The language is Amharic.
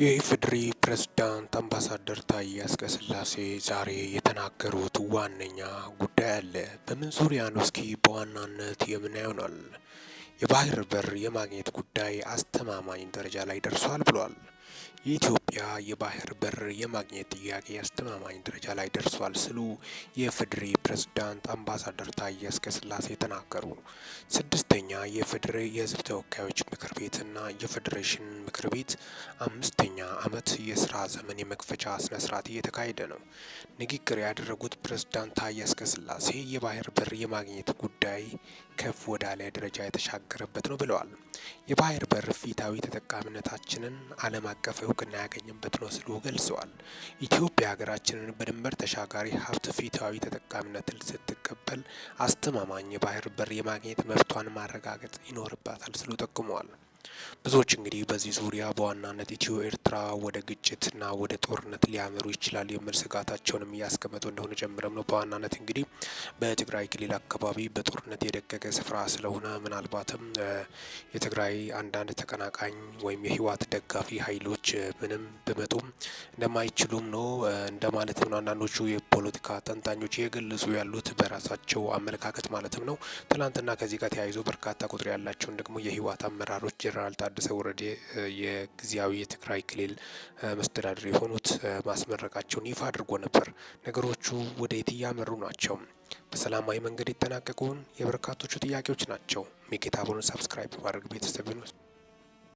የኢፌዴሪ ፕሬዝዳንት አምባሳደር ታዬ አጽቀሥላሴ ዛሬ የተናገሩት ዋነኛ ጉዳይ አለ። በምን ዙሪያ ነው? እስኪ በዋናነት የምናየው ይሆናል። የባህር በር የማግኘት ጉዳይ አስተማማኝ ደረጃ ላይ ደርሷል ብሏል። የኢትዮጵያ የባህር በር የማግኘት ጥያቄ አስተማማኝ ደረጃ ላይ ደርሷል ሲሉ የፌዴሪ ፕሬዝዳንት አምባሳደር ታዬ አጽቀሥላሴ ተናገሩ። ስድስተኛ የፌዴሪ የህዝብ ተወካዮች ምክር ቤትና የፌዴሬሽን ምክር ቤት አምስተኛ ዓመት የስራ ዘመን የመክፈቻ ስነ ስርዓት እየተካሄደ ነው። ንግግር ያደረጉት ፕሬዝዳንት ታዬ አጽቀሥላሴ የባህር በር የማግኘት ጉዳይ ከፍ ወዳለ ደረጃ የተሻገረበት ነው ብለዋል። የባህር በር ፊታዊ ተጠቃሚነታችንን አቀፍ አቀፍ እውቅና ያገኘበት ነው ሲሉ ገልጸዋል። ኢትዮጵያ ሀገራችንን በድንበር ተሻጋሪ ሀብት ፊታዊ ተጠቃሚነትን ስትቀበል አስተማማኝ የባህር በር የማግኘት መብቷን ማረጋገጥ ይኖርባታል ሲሉ ጠቁመዋል። ብዙዎች እንግዲህ በዚህ ዙሪያ በዋናነት ኢትዮ ኤርትራ ወደ ግጭትና ወደ ጦርነት ሊያመሩ ይችላል የሚል ስጋታቸውንም እያስቀመጡ እንደሆነ ጀምረም ነው። በዋናነት እንግዲህ በትግራይ ክልል አካባቢ በጦርነት የደቀቀ ስፍራ ስለሆነ ምናልባትም የትግራይ አንዳንድ ተቀናቃኝ ወይም የህወሓት ደጋፊ ኃይሎች ምንም ብመጡም እንደማይችሉም ነው እንደማለት ነው አንዳንዶቹ የፖለቲካ ተንታኞች እየገለጹ ያሉት በራሳቸው አመለካከት ማለትም ነው። ትናንትና ከዚህ ጋር ተያይዞ በርካታ ቁጥር ያላቸውን ደግሞ የህወሓት አመራሮች ጀነራል ታደሰ ወረደ የጊዜያዊ የትግራይ ክልል መስተዳድር የሆኑት ማስመረቃቸውን ይፋ አድርጎ ነበር። ነገሮቹ ወደ የት እያመሩ ናቸው? በሰላማዊ መንገድ የተጠናቀቁን የበርካቶቹ ጥያቄዎች ናቸው። ሚኬታ አቦን ሰብስክራይብ ማድረግ ቤተሰብ ነው።